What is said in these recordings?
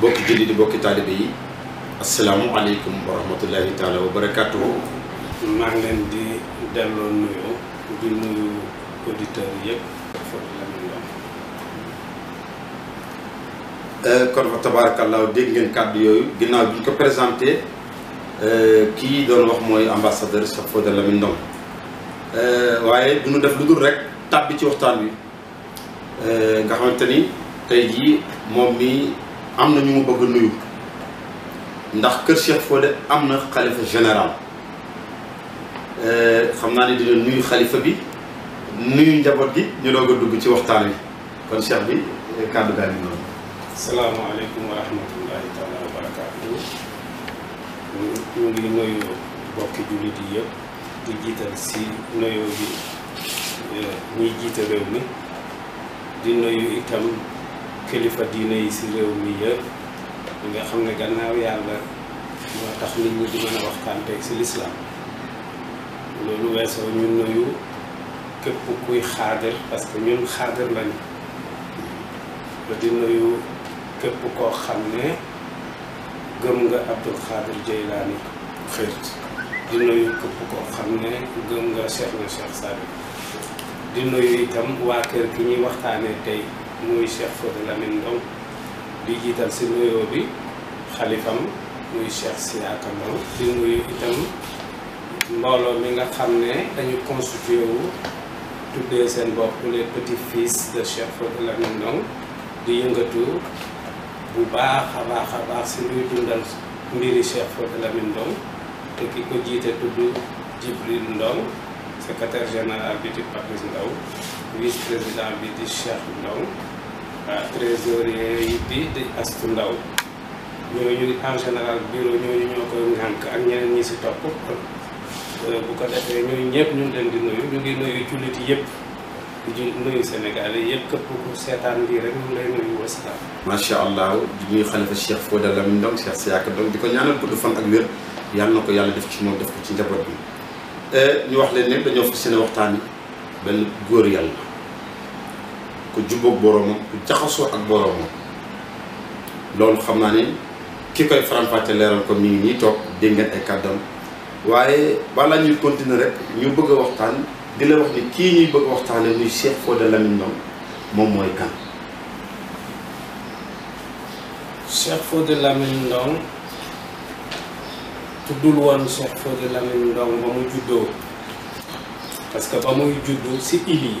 bokki julli di bokki taalibe yi asalaamualeykum wa rahmatullahi taala wa barakaatu. maa ngi leen di delloo nuyoo di nuyu yëpp foofu la ñu euh, kon fa tabaarakallaahu dégg ngeen kàddu yooyu ginnaaw bi ñu ko présenté euh, kii doon wax mooy ambassadeur Cheikh Fodé Lamine Ndong euh, waaye du def lu dul rek tàbbi ci waxtaan wi nga xamante ni tey jii moom mi am na ñu mu bëgg nuyu ndax kër Cheikh Fodé am na xalifa général euh, xam naa ne dina nuyu xalifa bi nuyu njaboot gi ñu doog a dugg ci waxtaan wi kon Cheikh bi kàddu gaal yi noonu. salaamaaleykum wa rahmatullahi taala wa barakaatu. ñu ngi nuyu bokki jullit yi yëpp di jiital si nuyoo bi euh, ñuy jiite mi di nuyu itam. kilifa diine yi si réew mi yëpp ñi nga xam ne gannaaw yàlla ñoo tax nit ñi di mën a waxtaanteeg si lislaam loolu weesoo ñu nuyu képp kuy xaadir parce ñun xaadir lañu di nuyu képp koo xam ne gëm nga Abdul Xaadir Jeylaani xëy di nuyu na Cheikh Sadio di nuyu itam waa kër gi ñuy waxtaanee tey muy Cheikh Fodé Lamine Ndong di jiital si nuyoo bi xalifam muy Cheikh Siaka Ndong di nuyu itam mbooloo mi nga xam ne dañu constitué wu seen bopp les petits fils de Cheikh Fodé Lamine Ndong di yëngatu bu baax a baax a luy dundal mbiri Cheikh Fodé Lamine Ndong te ki ko jiite tudd Jibril Ndong secrétaire général bi di Papis Ndao vice-président bi di Cheikh Ndong trésorier yi di di astu ndaw ñooñu en général bureau ñooñu ñoo koy ŋànk ak ñeneen ñi si topp euh, bu ko defee ñooñu ñëpp ñu ngi leen di nuyu ñu ngi nuyu jullit yëpp di nuyu Sénégal yëpp képp ku seetaan bii rek ñu ngi lay nuyu wasalaam. macha allah di nuyu xalifa Cheikh Fodé Lamine Ndong Cheikh Siaka Ndong di ko ñaanal gudd fan ak wér yàlla na ko yàlla def ci moom def ko ci njaboot bi euh, ñu wax leen ne dañoo fas yéene waxtaan benn góor yàlla. ku Boromo, borom ku Boromo, ak borom lolou xamna ni ne ki koy faram faté leral ko mi ni tok de ngeen ay kàddam waaye balaa ñu continuer rek ñu bëgg waxtaan di la wax ni ki ñuy bëgg waxtaane muy Cheikh Fodé Lamine ndom mom moy kan Cheikh Fodé Lamine ndom tudul won Cheikh Fodé Lamine ndom ba mu juddoo parce que ba muy si ili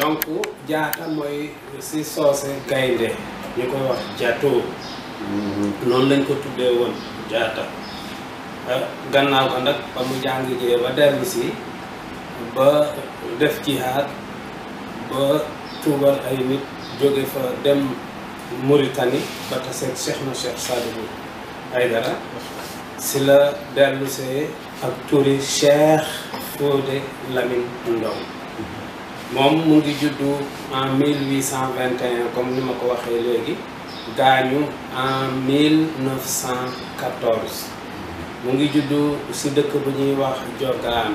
donc jaata mooy si soose gaynde ñu koy wax jatoo mhm. noonu lañ ko tuddee woon jaata ah, gannaaw ko nag ba mu jàng jee ba dellu si ba def jihaad ba tuubal ay nit jóge fa dem Mauritanie ba taseeg Cheikh na Cheikh Sadibou Aydara si la dellu see ak turi Cheikh Fodé Lamine Ndong mom mu ngi juddu en 1821 comme nima ko waxee léegi gañu en 1914 mu ngi juddu ci dëkk bu ñuy wax Diogaan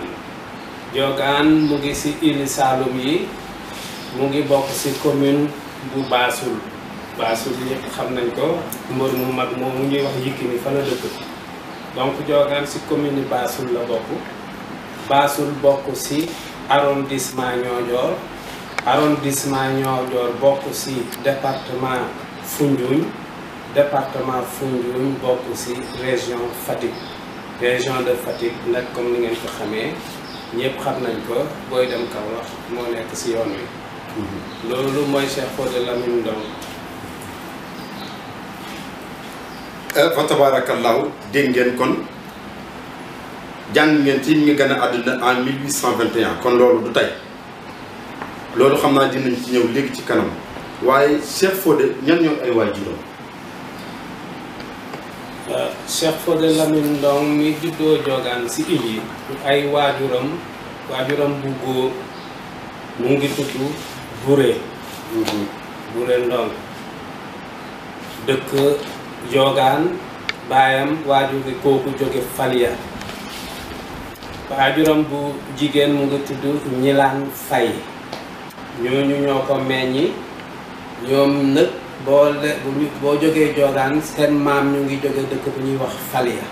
Diogaan mu ngi si île Saloum yi mu ngi bok si commune bu basul basul ñëpp xam nañ ko mbeur mu mag mo mu ñuy wax yikini fa la dëkk donc Diogaan si commune basul la bokk basul bokk si arrondissement Niodior arrondissement Niodior bokk ci département Foundiougne département Foundiougne bokk ci région Fatick région de Fatick nag comme ni ngeen ko xamee ñëpp xam nañ ko booy dem Kaolack moo nekk ci yoon wi loolu mooy Cheikh Fodé Lamine Ndong eh, fa tabarakallahu dégg ngeen kon jàng ngeen ci mi ngi gën a àdduna en 1821 kon loolu du tey loolu xam naa dinañ ci ñëw léegi ci kanam waaye Cheikh Fodé ñan ñoo ay waajuram euh, Cheikh Fodé Lamine Ndong mi si Ily ay waajuram waajuram bu góor mu ngi tudd Buré mhm. Buré Ndong dëkk jogaan baayam waajur kooku jóge Falia waajuram bu jigéen mu ngi tudd ñilaan fay ñooñu ñoo ko meññi ñoom nag boo le boo jógee joogaan seen maam ñu ngi jóge dëkk bu ñuy wax Falia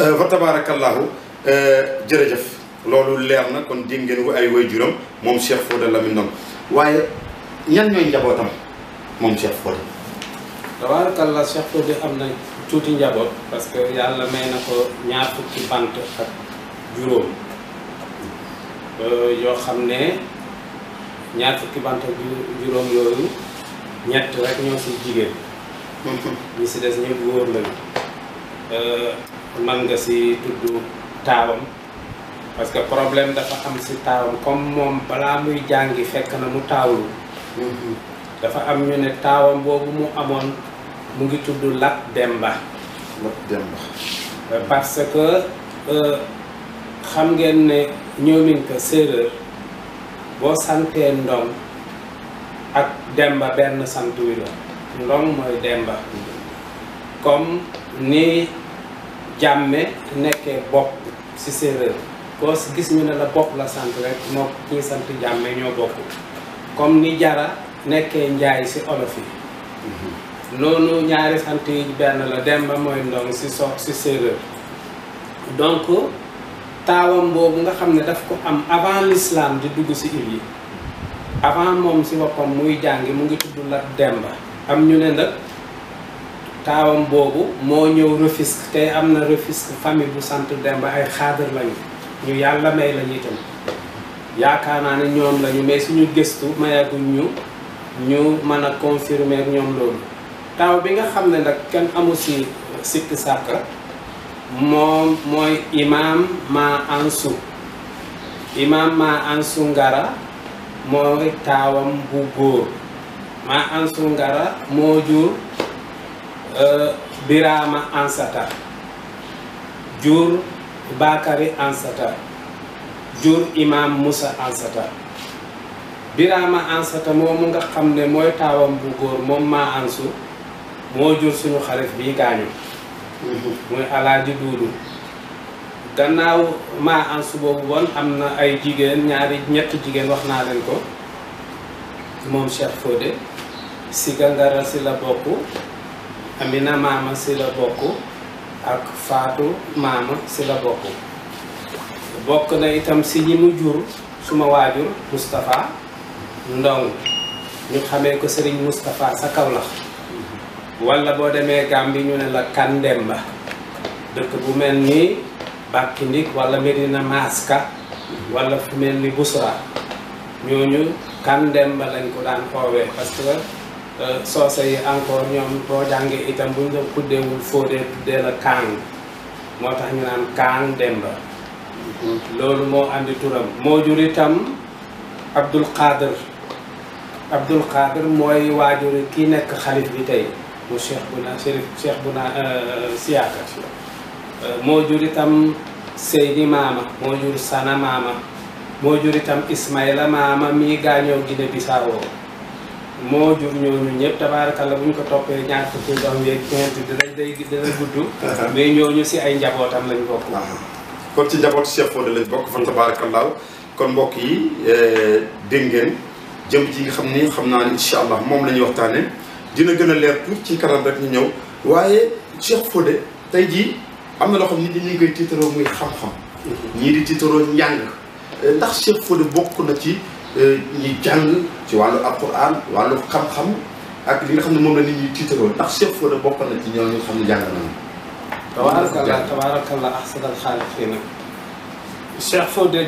euh, fa tabarakallahu euh, jërëjëf loolu leer na kon dégg ngeen ay waajuram moom Cheikh Fodé Lamine waaye ñan ñooy njabootam moom Cheikh Fodé tabarakallah Cheikh Fodé am na tuuti njaboot parce que yàlla may na ko ñaar fukki bant ak juróom xam ne ñaar fukki bant ak juróom yooyu ñett rek ñoo si jigéen ñi si des ñëpp góor lañu man nga si tudd taawam parce que problème dafa am si taawam comme moom balaa muy jàngi fekk na mu taawlu mm-hmm. dafa am ñu ne taawam boobu mu amoon mu ngi tudd Lat Demba. Lat Demba. Euh, parce que euh, xam ngeen ne ñoomin ko séeréer boo santee ndong ak Demba benn sant wi la ndong mooy Demba comme ni jàmme nekkee bopp ci séeréer boo gis ñu ne la bopp la sant rek moo kii sant jàmme ñoo bokk comme ni jara nekkee njaay ci olof yi mhm. loolu ñaari sant yi benn la Demba mooy Ndong si so si séeréer donc taawam boobu nga xam ne daf ko am avant l'islam di dugg si il yi avant moom si boppam muy jàngi mu ngi tudd Lat Demba am ñu ne nag taawam boobu moo ñëw Rufisque te am na Rufisque famille bu sant Demba ay xaadar lañu ñu yàlla may la ñu itam yaakaar naa ne ñoom lañu mais suñu gëstu mayaguñ ñu ñu mën a confirmer ak ñoom loolu taw bi nga xamne nak kan amu ci sakra mom moy imam ma ansu imam ma ansu ngara moy tawam bu góor ma ansu ngara mo jur e, birama ansata jur bakari ansata jur imam musa ansata birama ansata mom nga xamne moy tawam bu góor mom ma ansu moo jur suñu xarit bi gaañu mhm. muy alaaji duudu gannaaw maa ans boobu bon am na ay jigéen ñaari ñett jigéen wax naa leen ko moom Cheikh Fodé si Gangara si la bokk Amina Maama si la bokk ak Faatu Maama si la bokk bokk na itam si ñi mu jur suma waajur Moustapha Ndong ñu xamee ko Serigne Moustapha sa Kawlax wala boo demee Gambie ñu ne la Kandemba dëkk bu mel ni Bakindik wala Medina Maska wala fu mel ni Busra ñooñu Kandemba lañ ko daan xoowee parce que euh, soose yi encore ñoom boo jàngee itam buñ la tuddeewul fóodee tuddee la Kang moo tax ñu naan Kandemba loolu moo andi turam moo jur itam Abdul Qadir Abdul Qadir mooy waajuri kii nekk xalif bi tey bu Cheikh bu Chérif Cheikh Buna euh, Siyaaka moo jur itam Seydi Maama moo jur Sana Maama moo jur itam Ismaïla Maama mii gaañoo Guinée Bissau moo jur ñooñu ñëpp tabaarakalla bu ko toppee ñaar fukki doom yeeg ñeent dinañ day dina gudd. mais ñooñu si ay njabootam lañ bokk. Ah. kon ci njabootu Cheikh Fodé lañ bokk fan tabaarakallaaw kon mbokk yi euh, dégg ngeen jëm ji nga xam ni xam naa ni incha allah moom la ñuy waxtaanee. dina gën a leer tuuti ci kanam rek ñu ñëw waaye Cheikh Fodé tey jii am na loo xam nit ñi ñu ngi koy tiitaroo muy xam-xam. ñii di tiitaroo njàng. ndax Cheikh Fodé bokk na ci euh, ñi jàng ci wàllu alquran wàllu xam-xam ak li nga xam ne moom la nit ñuy tiitaroo ndax Cheikh Fodé bokk na ci ñooñu xam ne jàng nañu. tabaarakallah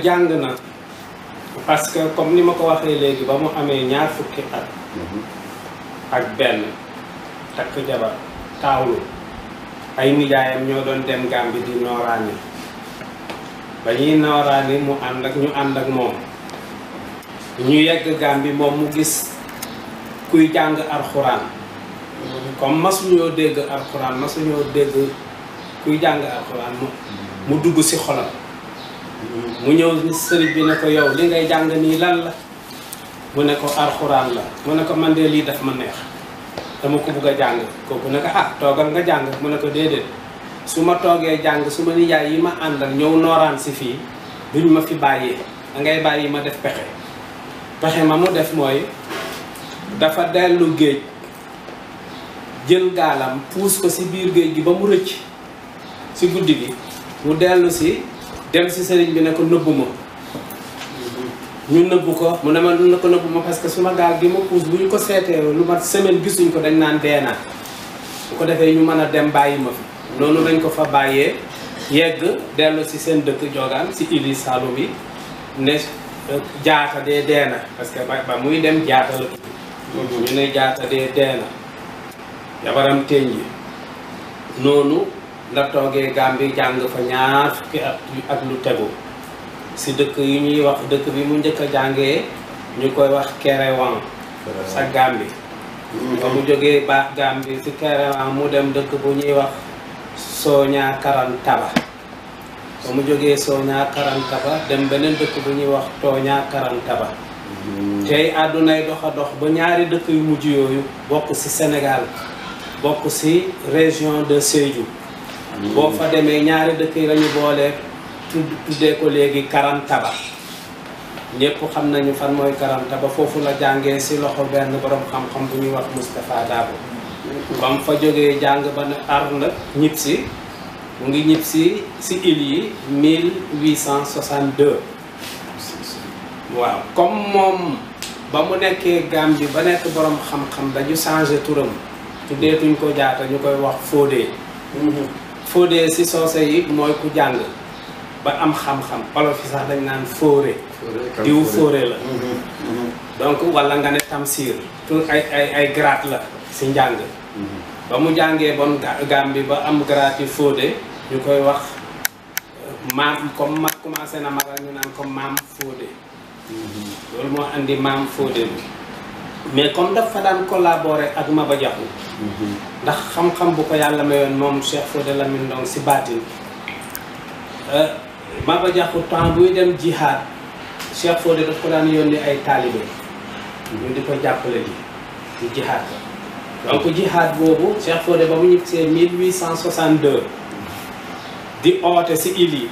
jàng na que comme ni ma ko waxee léegi ba mu amee ñaar fukki at. Mm-hmm. ak benn takk jabar taawlu ay nijaayam ñoo doon dem Gàmbi di nooraani ba ñuy nooraani mu ànd ak ñu ànd ak moom ñu yegg Gàmbi moom mu gis kuy jàng alxuraan comme masuñoo dégg alxuraan masuñoo dégg kuy jàng alxuraan mu dugg ci xolam mu ñëw sëriñ bi ne ko yow li ngay jàng nii lan la mu ne ko alxuraan la mu ne ko man de lii dafa ma neex dama ko bugg a jàng kooku ne ko ah toogal nga jàng mu ne ko déedéet su ma toogee jàng su ma nijaay yi ma àndal ñëw nooraan si fii duñ ma fi bàyyee da ngay bàyyi ma def pexe pexe ma mu def mooy dafa dellu géej jël gaalam puus ko si biir géej gi ba mu rëcc si guddi gi mu dellu si dem si sëriñ bi ne ko nëbbu ma ñu nëbbu ko mu ne ma na ko nëbbu ma parce que suma gaal gi ma puus bu ñu ko seetee lu ma semaine gisuñ ko dañ naan dee na bu ko defee ñu mën a dem bàyyi ma fi loolu dañ ko fa bàyyee yegg dellu si seen dëkk jogaan si ili Saloum bi ne euh, jaata dee dee na parce que ba muy dem jaata la tudd ñu ne jaata yabaram teeñ yi loolu la toogee Gàmbi jàng fa ñaar fukki at ak lu tegu si dëkk yu ñuy wax dëkk bi mu njëkk a jàngee ñu koy wax Kerewan sa Gambi mm-hmm. ba mu jógee baax Gambi si Kerewan mu dem dëkk bu ñuy wax Soña Karantaba ba mu jógee Soña Karantaba dem beneen dëkk bu ñuy wax Tooña Karantaba mm-hmm. tey àddunay doxa dox ba ñaari dëkk yu mujj yooyu bokk ci Sénégal bokk ci région de Sédhiou mm-hmm. boo fa demee ñaari dëkk yi lañu boole tuddee ko léegi karantaba ñëpp xam nañu fan mooy ba foofu la jàngee si loxo benn borom xam-xam bu ñuy wax Moustapha Dabo bam fa jógee jàng ba ne ar la si mu ngi ñib si si île yi 1862 waaw comme moom ba mu nekkee Gambie ba nekk borom xam-xam dañu changé turam tuddeetuñ ko jaata ñu koy wax Fodé mm-hmm. Fodé si soose yi mooy ku jàng ba am xam-xam olof yi sax dañ naan fóore diw fóore la mhm, mhm. donc walla nga ne tamsiir tout ay ay la si njàng mhm. ba mu jàngee bon gàm bi ba am grade yi fóode ñu koy wax euh, maam comme ma commencé na magal ñu naan comme maam fóode loolu moo andi maam fóode bi mais comme dafa daan collaborer ak Maba Jaxu ndax xam-xam bu ko yàlla mayoon moom Cheikh Fodé Lamine Ndong si baatin euh, Baba Diakhou temps buy dem jihaad Cheikh Fodé daf ko daan yónni ay taalibe ñu di ko jàppale ji di jihaad donc jihaad boobu Cheikh Fodé ba mu ñibbisee 1862 di oote si il yi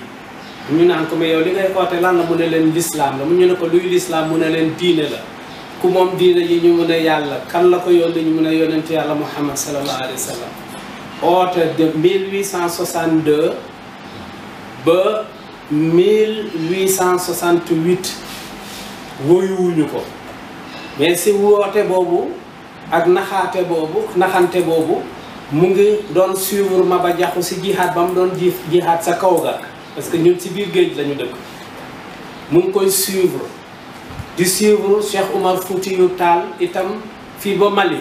ñu naan ko mais yow li ngay oote lan la mu ne leen lislaam la mu ñu ne ko luy lislaam mu ne leen diine la ku moom diine yi ñu mun a yàlla kan la ko yónni ñu mun a yónnent yàlla Muhammad sallallahu alayhi wa sallam oote de 1862 ba 1868 woyuwuñu ko mais si woote boobu ak naxaate boobu naxante boobu mu ngi doon suivre ba Jaxu si jihaat ba mu doon ji jihaat sa kaw ga parce que ñun si biir géej lañu dëkk mu ngi koy suivre di suivre Cheikh Oumar yu taal itam fii ba Mali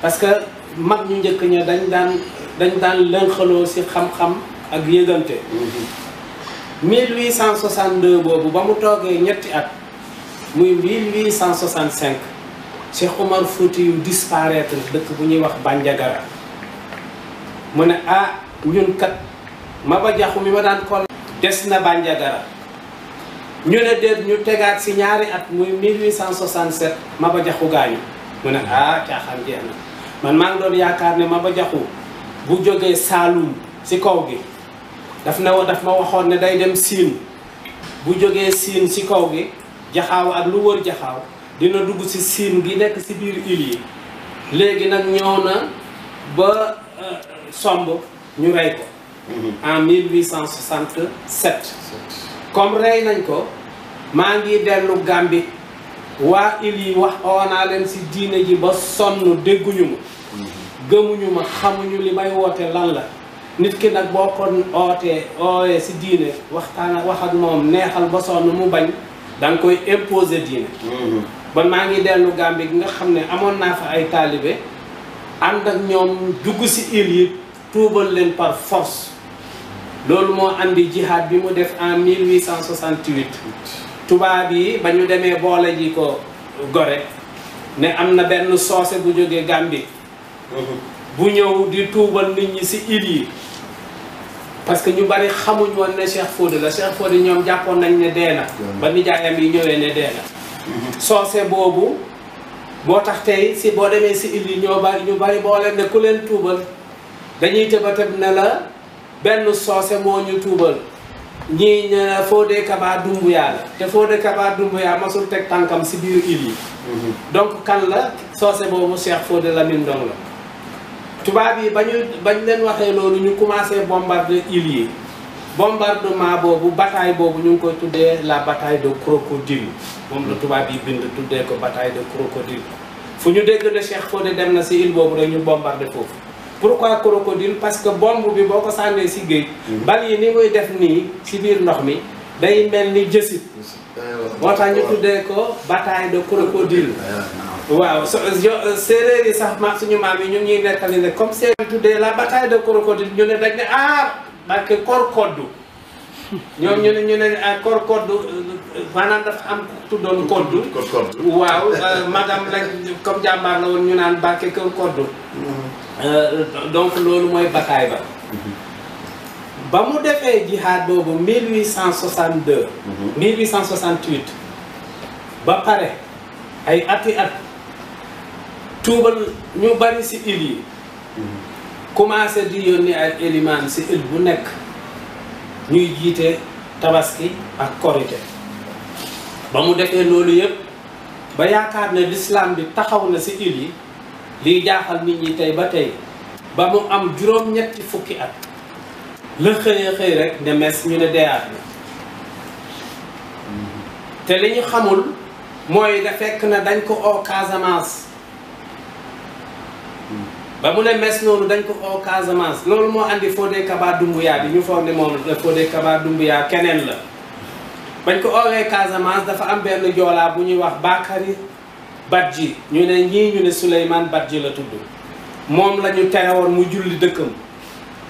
parce que mag ñu njëkk ña dañ daan dañ daan lënxaloo si xam-xam ak yëgante mm-hmm. 1862 boobu ba mu toogee ñetti at muy 1865 Cheikh Omar Fouti yu disparaître dëkk bu ñuy wax Bandiagara mu ne ah ñun kat Maba Jaxu mi ma daan kol des na Bandiagara ñu ne der ñu tegaat si ñaari at muy 1867 Maba Jaxu gaañu mu ne ah caaxaan jeex na man maa ngi doon yaakaar ne ma ba Jaxu bu jógee Saalum si kaw gi daf na woon daf ma waxoon ne day dem sin bu joge sin si kaw gi jaxaw ak lu wor jaxaw dina dugg si sin gi nek ci bir ili yi nak nag ba euh, sombu ñu ray ko mm-hmm. en 1867 comme ray nañ ko ma ngi delu gambi wa ili wax ona len si diine ji ba sonn dégguñu ma mm-hmm. gëmuñu ma xamuñu li may lan la nit ki nag boo ko ootee oowee si diine waxtaan wax ak moom neexal ba sonn mu bañ da nga koy imposer diine mm-hmm. ba maa ngi dellu Gàmbi gi nga xam ne amoon naa fa ay taalibe ànd ak ñoom dugg si île yi tuubal leen par force loolu moo indi jihad bi mu def en 1868 tubaab yi ba ñu demee boole ji ko gore ne am na benn soose bu jógee Gàmbi mm-hmm. bu ñew di tuubal nit ñi ci id yi parce que ñu bari xamuñ won ne cheikh fodé la cheikh fodé ñom jappon nañ ne dee na ba jaayam yi ñëwee ne dee na soose boobu tax tey si bo demee si il yi ñoo bari ñu bari bo leen ne ku leen tuubal dañuy tëbatëb ne la benn sosé mo ñu tuubal ñii ñe fodé kaba dumbu la té fodé kaba dumbu yaa masul tek tankam si biir id yi mhm. donc kan la sosé bobu cheikh fodé min dong la tubaab yi ba ñu bañ leen waxee loolu ñu commencé bombarder îles yi bombardement boobu bataille boobu ñu ngi koy tuddee la bataille de crocodile moom la tubaab yi bind tuddee ko bataille de crocodile fu ñu dégg de Cheikh Fodé dem na si île boobu rek ñu bombardé foofu pourquoi crocodile parce que bombe bi boo ko sànnee si géej hmm. bal yi ni muy def nii si biir ndox mi day mel ni jësit moo tax ñu tuddee ko bataille de crocodile ah, waaw so séeréer yi sax ma suñu maam yi ñun ñuy nettali ne comme seen tuddee la bataille de Corcodou ñu ne dañ ne ah parce Corcodou ñoom ñu ne ñu ne Corcodou ah, maanaam dafa am tuddoon koddu waaw euh, madame rek comme jàmbaar la woon ñu naan Mbacke Corcodou mm-hmm. euh, donc loolu mooy bataille ba mm-hmm. ba mu defee jihaad boobu 1862 1868 mm-hmm. ba pare ay ati at tuubal ñu bari si il yi commencé di yónni ay élimaan si il bu nekk ñuy jiite tabaski ak korite ba mu defee loolu yépp ba yaakaar ne lislaam bi taxaw na si il yi liy jaaxal nit ñi tey ba tey ba mu am juróom-ñetti fukki at la xëya xëy rek ne mes ñu ne deyaat na te li ñu xamul mooy da fekk na dañ ko oo Casamance ba mu ne mes noonu dañ ko oo Casamance loolu moo andi Fodé Kaba Doumbouya bi ñu foog ne moom la Fodé Kaba Doumbouya keneen la bañ ko oowee Casamance dafa am benn joolaa bu ñuy wax Bakary Badji ñu ne ñii ñu ne Souleymane Badji la tudd moom lañu ñu terewoon mu julli dëkkam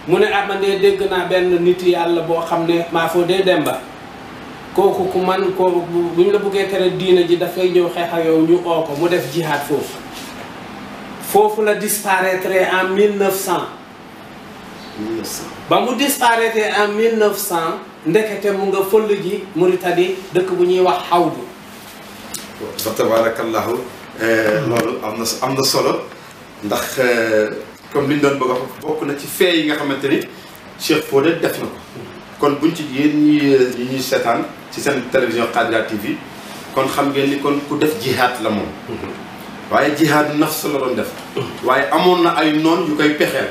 mu ne amandee ah, dégg naa benn nit yàlla boo xam ne maa dem Demba kooku ku man kooku bu ñu la buggee tere diina ji dafay ñëw xeex ak yow ñu oo ko mu def jihaad foofu fofu la disparaître en 1900. 1900 ba mu disparaître en 1900 ndekete mu nga fëll ji Mauritanie dëkk bu ñuy wax Hawdu. fa tabarakallahu eh, loolu am na am na solo ndax eh, comme liñ ñu doon bëgg a wax bokk na ci fee yi nga xamanteni Cheikh Fodé def na ko. kon buñ ci yéen ñi ñi ñuy seetaan ci seen télévision Qadria TV kon xam ngeen ni kon ku def jihad la moom. waaye jihaad nafs la doon def waaye amoon na ay noon yu koy pexeel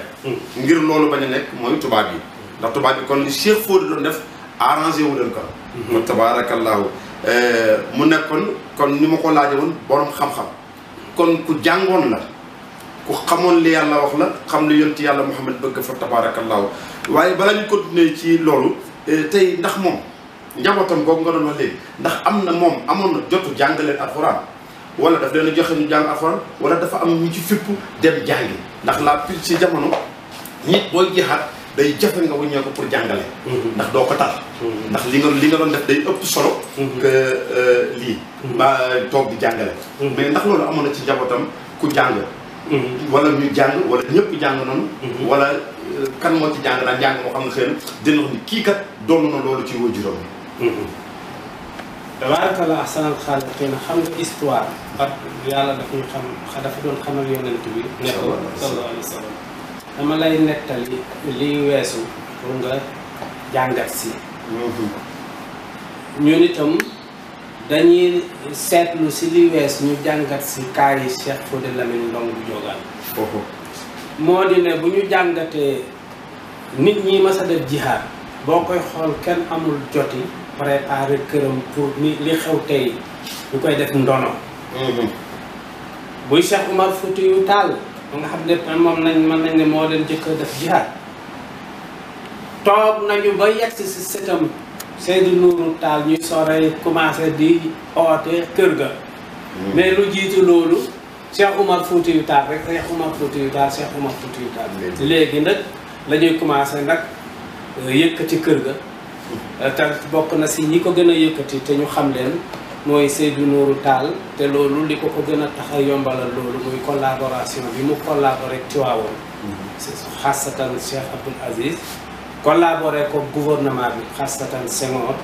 ngir loolu bañ a nekk mooy tubaab yi ndax tubaab yi kon li Cheikh Fodé doon def arrangé wu leen ko wa tabaarakallaahu eh, mu nekkoon kon ni ma ko laaje woon borom xam-xam kon ku jàngoon la ku xamoon li yàlla wax la xam li ci yàlla Muhammad bëgg fa tabaarakallaahu waaye bala ñu continuer ci loolu eh, tey ndax moom njabootam boobu nga doon wax léegi ndax am na moom amoon na jotu jàngaleen alxuraan wala daf leen a joxe ñu jàng alxuraan wala dafa am ñu ci fipp dem jàngi ndax laa pil ci jamono nit booy jihaat day jafe nga wuññee pour jàngale mhm. ndax doo ko tal mhm. ndax li nga li nga doon def day ëpp solo mhm. que euh, lii ba euh, toog di jàngale mais ndax loolu amoon na ci njabootam ku jàng wala ñu jàng wala ñëpp jàng noonu wala euh, kan moo ci jàng daan jàng moo xam ne xëy na dina ni kii kat doon na loolu ci waajuram tabaaraka la ahsanal xaaliqiin xam nga histoire daf ñu xam dafa doon dama lay nettali liy weesu pour nga jàngat si mhm. ñun itam dañuy seetlu si liy wees ñu jàngat si kaay yi Cheikh Fodé Lamine Ndong Diogane moo di ne bu ñu jàngatee nit ñi mas a def jihaad boo koy xool kenn amul joti préparé këram pour ni li xew tey ñu koy def ndono. Mm-hmm. buy Cheikh Umar Foutiyou Tall ba xam ne moom nañ mën nañ ni moo leen jëkk a def jihaad toog nañu ba yegg si si sëtam Seydou Nourou Tall ñuy sore commencé di oote kër ga. Mm-hmm. mais lu jiitu loolu Cheikh Umar Foutiyou Tall rek Cheikh Umar Foutiyou Tall Cheikh Umar Foutiyou Tall. léegi nag la ñuy commencé nag euh, yëkkati kër ga. Euh, te bokk na si ñi ko gën a yëkkati te ñu xam leen mooy Seydou Nourou Tall te loolu li ko ko gën a tax a yombalal loolu muy collaboration bi mu collaboré ci waawoon xasatan Cheikh Abdoul Aziz collaboré ko gouvernement bi xasatan Senghor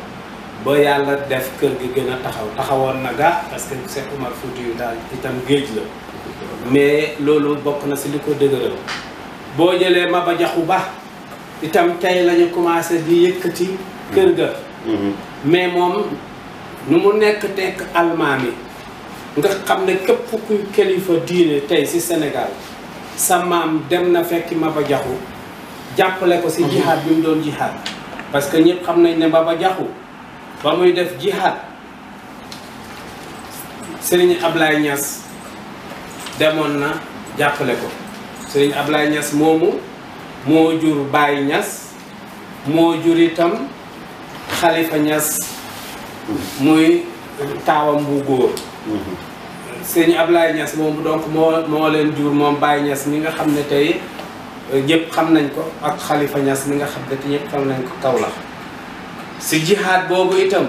ba yàlla def kër gi gën a taxaw taxawoon na ga parce que Cheikh Oumar Foutiyou daal itam géej la mais loolu bokk na si li ko dëgëral boo jëlee Maba Diakhou Ba itam tey la ñu commencé di kër ga mm-hmm. mais moom nu mu nekk tekk almaami nga xam ne képp kuy kilifa diine tey si Sénégal sa maam dem na fekki Maba Jaxu jàppale ko si mm-hmm. jihaad bi mu doon jihaad parce que ñi xam nañ ne Maba Jaxu ba muy def jihaad Serigne Ablaye Niass demoon na jàppale ko Serigne Ablaye Niass moomu moo jur Baye Niass moo jur itam xalifa ñas muy taawam bu góor sëñ Ablaye Niass moom donc moo moo leen jur moom Baye ñas mi nga xam ne tey euh, ñëpp xam nañ ko ak Khalifa Niass mi nga xam ne tey ñëpp xam nañ ko kaw la si jihaad boobu itam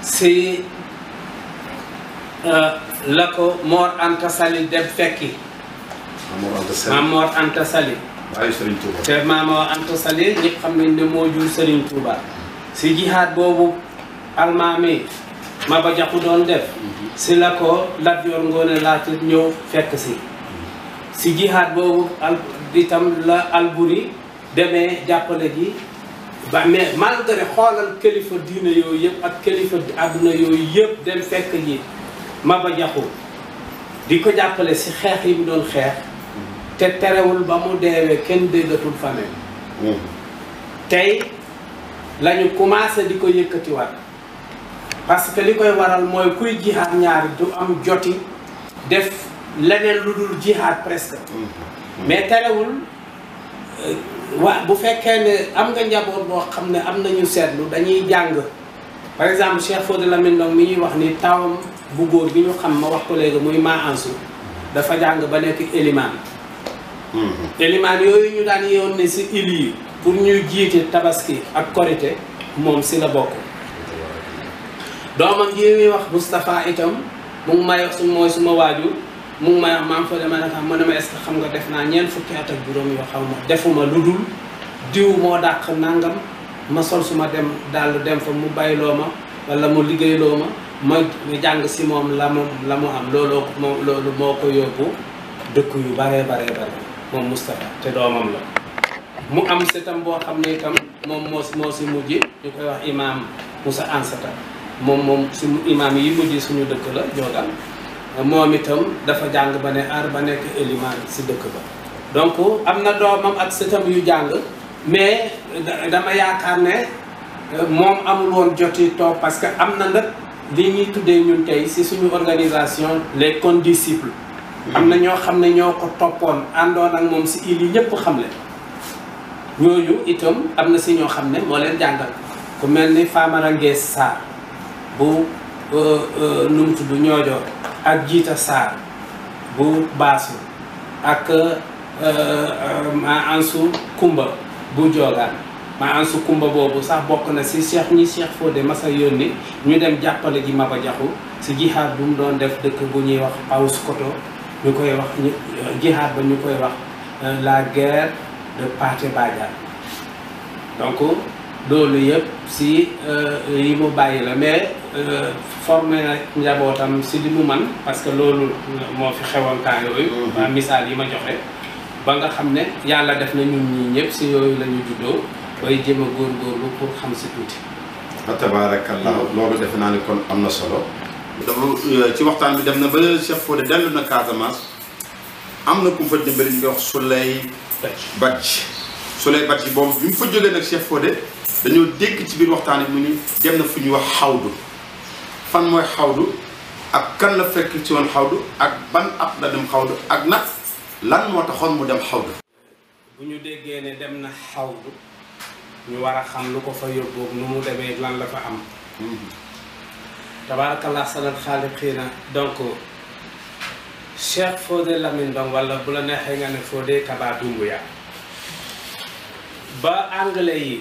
si euh, la ko Mor Anta Sali dem fekki maam Mor Anta Sali te maam Mor xam nañ ne moo jur Serigne Touba si jihaad boobu almaami Maba Jaxu doon def mhm. si la ko Lat Joor Ngoone Laati ñëw fekk ci ci jihaad boobu al itam la Alburi demee jàppale ji ba mais malgré xoolal kilifa diine yooyu yëpp ak kilifa àdduna yooyu yépp dem fekk ji ma Jaxu di ko jàppale ci xeex yi mu doon xeex mhm. te terewul ba mu deewee kenn déggatul famille mhm. tey la ñu commencé di ko yëkkatiwaat parce que li koy waral mooy kuy jihaat ñaari du am joti def leneen lu dul jihaat presque mm-hmm. mais terewul euh, wa bu fekkee ne am nga njaboot boo xam ne am nañu seetlu dañuy jàng par exemple cher Cheikh Fodé Lamine Ndong mi ñuy wax ni tawam bu góor bi ñu xam ma wax ko léegi muy Ma Ansu dafa jàng ba nekk élimaan mm-hmm. élimaan yooyu ñu daan yoon ne si ili pour ñuy jiite tabaski ak korité moom si la bokk doomam yi muy wax Moustapha itam mu ngi may su mooy suma waajur mu ngi may wax maam fa dama ma ne ma xam nga def naa ñeent fukki at ak juróom yoo xam ma defuma lu dul diw moo dàq nangam ma sol suma dem daal dem fa mu bayloo ma wala mu liggéeyloo ma ma jàng si moom la mu la mu am looloo moo loolu moo ko yóbbu dëkk yu baree baree bare moom Moustapha te doomam la mu am setam bo xamne ne itam moom mos si moo si ñu koy wax imam musa Ansata mom mom suñu imam yi mujj suñu dëkk la jogal moom itam dafa jang bané ar ba nek eliman ci dëkk ba donc amna na doomam ak setam yu jang mais dama yaakaar euh, mom amul won joti to parce que amna na nag li ñuy tuddee ñun tay si suñu organisation les condisciples amna na xamné ño ko topone andon ak mom si ili ñepp ñëpp xam le ñooñu itam am na si ñoo xam ne moo leen jàngal ku mel ni Famara Ngees Sarr bu euh, euh, nu mu tudd Ñoojoor ak Jiita Sarr bu Baasu ak euh, ma Ansu Kumba bu Joogaan ma Ansu Kumba boobu sax bokk na si Cheikh ñi de ma masa yónni ñu dem jàppale ji Maba Jaxu si jihaad bu mu doon def dëkk bu ñuy wax Paoskoto ñu koy wax ñu ba ñu koy wax la guerre de Pathé Badiane donc loolu yëpp si euh, yi mu bàyyi la mais euh, formé na njabootam si li mu man parce que loolu moo fi xewoon temps yooyu mm-hmm. misaal yi ma joxe ba nga xam ne yàlla def na ñun ñii ñëpp si yooyu la ñu juddoo bay jéem a góorgóorlu pour xam si tuuti fa tabaarakallah loolu defe naa ni kon am na solo dafa euh, ci waxtaan bi dem na ba Cheikh Fodé dellu na Casamance am na ku fa dimbali ñu koy wax Badji Souley Badji boobu bi mu fa jógee nag Cheikh Fodé dañoo dégg ci biir waxtaan yi mu ni dem na fu ñuy wax xawdu fan mooy xawdu ak kan la fekk ci woon xawdu ak ban at la dem xawdu ak na lan moo taxoon mu dem xawdu bu ñu déggee ne dem na xawdu ñu war a xam lu ko fa yóbbu nu mu demee lan la fa am mm-hmm. tabaarakallah sanal xaaliqiina donc Cheikh Fodé Lamine Ndong wala bu la neexee nga ne Fodé Kaba Doumbouya ba anglais yi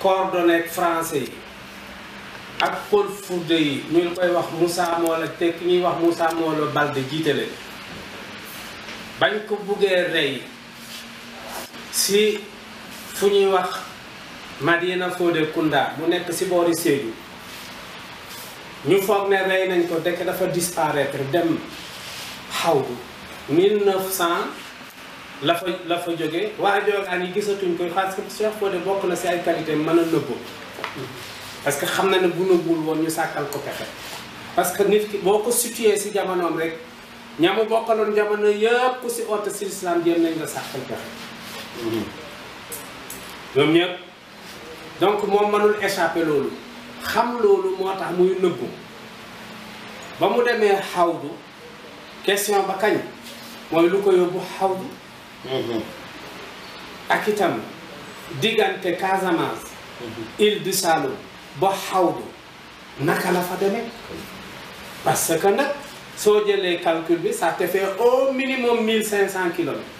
coordonné français yi ak Paul Foude yi ñu koy wax Moussa Molo te ki ñuy wax Moussa Molo Balde jiite leen bañ ko buggee rey si fu ñuy wax Madina Fodé Kounda mu nekk si boori Sédhiou ñu foog ne rey nañ ko dekk dafa disparaître dem xawdu 1900 la fa la fa jóge waa joogaan yi gisatuñ ko parce que Cheikh Fodé bokk na si ay qualité mën a nëbbu parce que xam na ne bu nëbbul woon ñu sàkkal ko pexe parce que nit ki boo ko situé si jamonoom rek ñamu bokkaloon jamono yëpp ku si oote si islam jéem nañ la sàkkal pexe mhm. ñoom ñëpp donc moom mënul échappé loolu xam loolu moo tax muy nëbbu ba mu demee xawdu question ba kañ mooy lu ko yóbbu xawdu mhm. ak itam diggante Casamance mhm. île du Saloum ba xawdu naka la fa demee parce que nag soo jëlee calcul bi ça te fait au minimum mille cinq cent kilomètres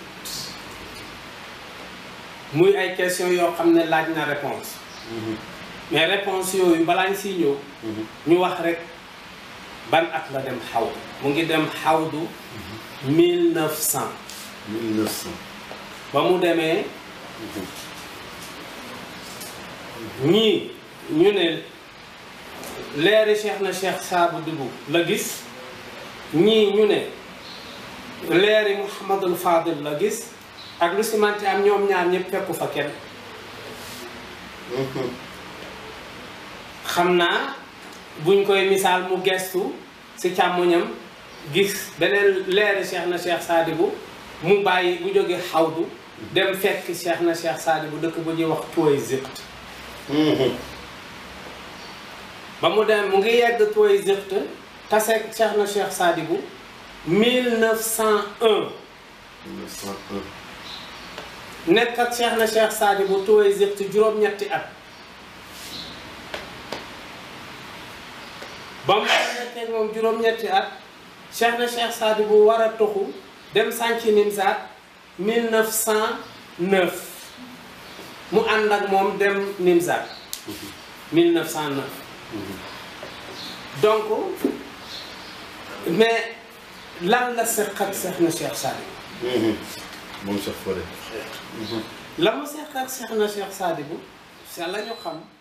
muy ay question yoo xam ne laaj na réponse mhm. mais réponse yooyu balaa ñu siy mhm. ñu wax rek ban at la dem xaw mu ngi dem xawdu 1900 1900 ba mu demee ñii ñu ne leeri cheikh na cheikh saabu dubu la gis ñii ñu ne leeri Mouhamadul Fadil la gis ak lu simante am ñoom ñaar ñëpp fekku fa kenn mhm. xam naa buñ koy misaal mu gestu ci càmmoñam gis beneen leeri cheikh na cheikh saadibu mu bàyyi bu jóge xawdu dem fekk cheikh na cheikh saadibu dëkk bu ñuy wax tooy ziqt mhm. ba mu dem mu ngi yegg tooy ziqt taseeg cheikh na cheikh saadibu 1901 1901 nekk ak cheikh na cheikh saadibu tooy ziqt juróom-ñetti at ba nekkee moom juróom-ñetti at cheikh na cheikh Saadi bu war a toxu dem sànci Nimsaat 1909 mu ànd ak moom dem Nimsaat 1909 donc mais lan la seq ak seex na Cheikh Sadibou. moom Cheikh Fodé. la mu seq ak seex na Cheikh Sadibou bu la ñu xam.